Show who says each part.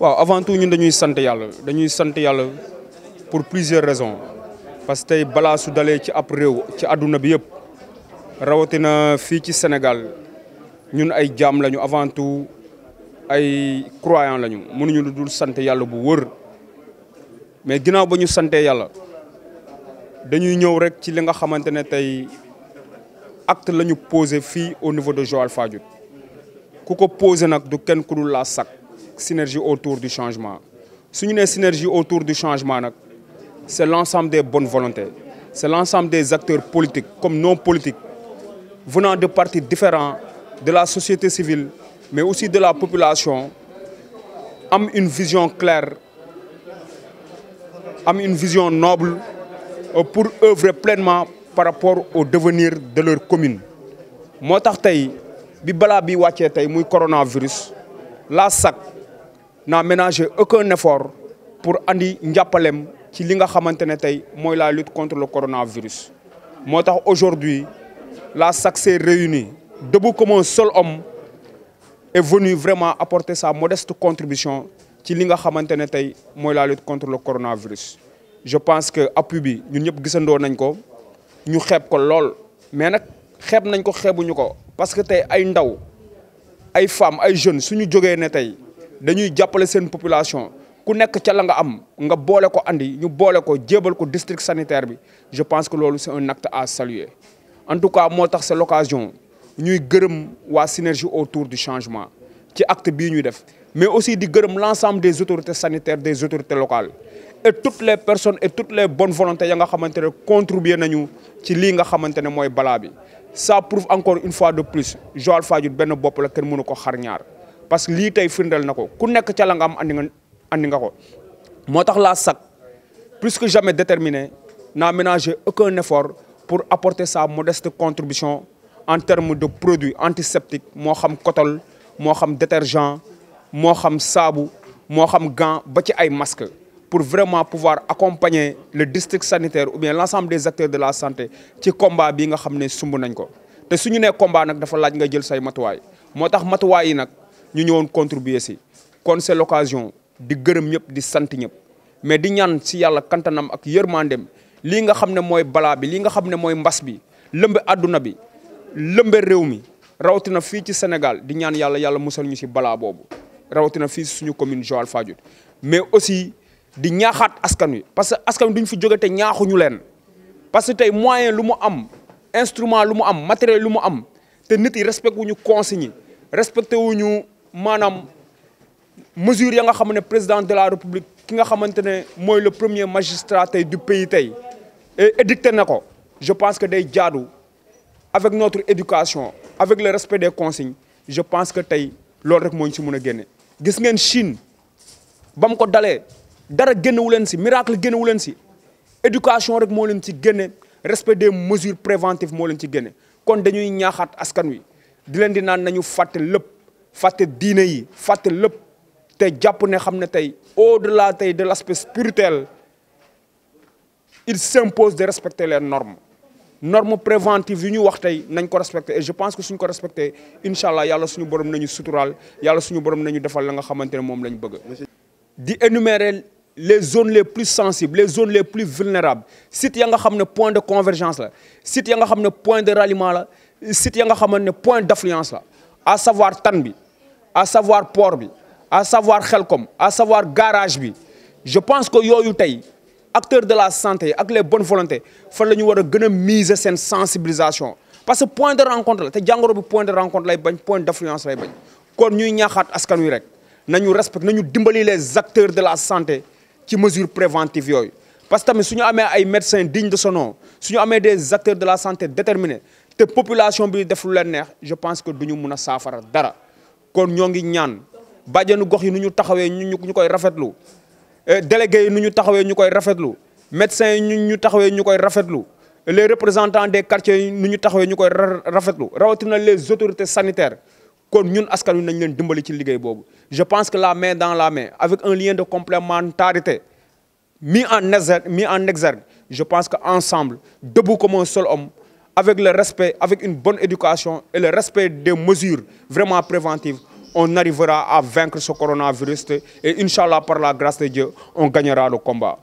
Speaker 1: avant tout nous dañuy Santé, Yalla. dañuy pour plusieurs raisons parce que nous sommes ci Sénégal ñun ay lañu avant tout ay croyants Nous, sommes santé dul santé mais nous ba nous sommes dañuy ñëw acte la au niveau de Joal sommes qui posé la SAC synergie autour du changement Si une une synergie autour du changement c'est l'ensemble des bonnes volontés c'est l'ensemble des acteurs politiques comme non politiques venant de partis différents de la société civile mais aussi de la population ont une vision claire ont une vision noble euh, pour œuvrer pleinement par rapport au devenir de leur commune Moi, coronavirus la SAC n'a ménagé aucun effort pour andi Ndiapalem ci li nga xamante la lutte contre le coronavirus aujourd'hui la SAC s'est réunie debout comme un seul homme est venu vraiment apporter sa modeste contribution qui li nga xamante la lutte contre le coronavirus je pense que Apubi, nous ñun ñëpp gisandoo nañ ko ñu xeeb ko lool mais nag xeeb nañ ko parce que tey ay ndaw ay femmes ay jeunes suñu nous ne tey dañuy jappalé une population ku nek ci la nga am nga bolé ko andi ñu bolé ko djébal ko district sanitaire bi je pense que lolu c'est un acte à saluer en tout cas motax c'est l'occasion ñuy gëreum wa synergie autour du changement ci acte bi ñuy def mais aussi di gëreum l'ensemble des autorités sanitaires des autorités locales et toutes les personnes et toutes les bonnes volontés ya nga xamante contribuer nañu ci li nga xamante moy bala bi ça prouve encore une fois de plus Joal fadiou ben bopp la kenn mënu ko xar ñaar parce que lii tey firndeel na ku nek ci la nga am andi nga ko la SAC plus que jamais déterminé, n'a ménagé aucun effort pour apporter sa modeste contribution en termes de produits antiseptiques mo xam cotol mo xam détergent mo xam sabu xam gant ba ci masques pour vraiment pouvoir accompagner le district sanitaire ou bien l'ensemble des acteurs de la santé ci combat bi nga xam ne sumb nañ ko té suñu né combat nak dafa laaj nga jël say motax ñu ñëwoon contribuer si kon c'est l'occasion di gërëm ñëpp di sant ñëpp mais di ñaan si yàlla kantanam ak yërmandem lii nga xam ne mooy balaa bi lii nga xam ne mooy mbas bi lëmbe àdduna bi lëmbe réew mi rawatina fii ci Sénégal di ñaan yàlla yàlla musal ñu si balaa na rawatina fii suñu commune Joal Fadiouth mais aussi di ñaaxaat askan wi parce que askan wi duñ fi jóge te ñaaxuñu leen parce que tey moyen lu am instrument lu am matériel lu am te nit yi respecté wuñu consigne respecté wuñu Madame, mesure ya nga le président de la république ki nga le premier magistrat du pays et eh, édicté je pense que day avec notre éducation avec le respect des consignes je pense que Vous loolu rek moo ci si Chine bam ko dalé dara miracle éducation rek respect des mesures préventives mo len ci génne kon dañuy askan wi di di nañu Faites diine yi fàtte au delà de l'aspect spirituel il s'impose de respecter les normes normes préventives yi ñu wax et je pense que suñ ko respecter inshallah, yalla suñu borom suñu borom la nga les zones les plus sensibles les zones les plus vulnérables Si ya nga un point de convergence la si point de ralliement la point à savoir tan à savoir port à savoir le à savoir garage je pense que les acteurs de la santé avec les bonnes volontés il nous que nous sensibilisation parce que point de rencontre point de rencontre lay bañ point d'influence. lay nous, kon ñuy ñaaxaat askan wi les acteurs de la santé qui mesurent préventive parce que si nous avons des médecins dignes de son nom si nous avons des acteurs de la santé déterminés la population bi def je pense que nous ñu mun safara dara kon ñoo ngi ñaan bàjjenu gox yi nuñu taxawé ñu ñu koy rafetlu eh, délégué yi nuñu taxawé taxawee koy rafetlu médecins yi ñu ñu taxawee koy rafetlu les représentants des quartiers nuñu taxawé ñu koy rafetlu rawatina les autorités sanitaires kon ñun askanu nañ leen dimbali ci liggéey bobu je pense que la main dans la main avec un lien de complémentarité mis en exergue mis en exergue je pense que ensemble debout comme un seul homme avec le respect, avec une bonne éducation et le respect des mesures vraiment préventives, on arrivera à vaincre ce coronavirus et Inch'Allah, par la grâce de Dieu, on gagnera le combat.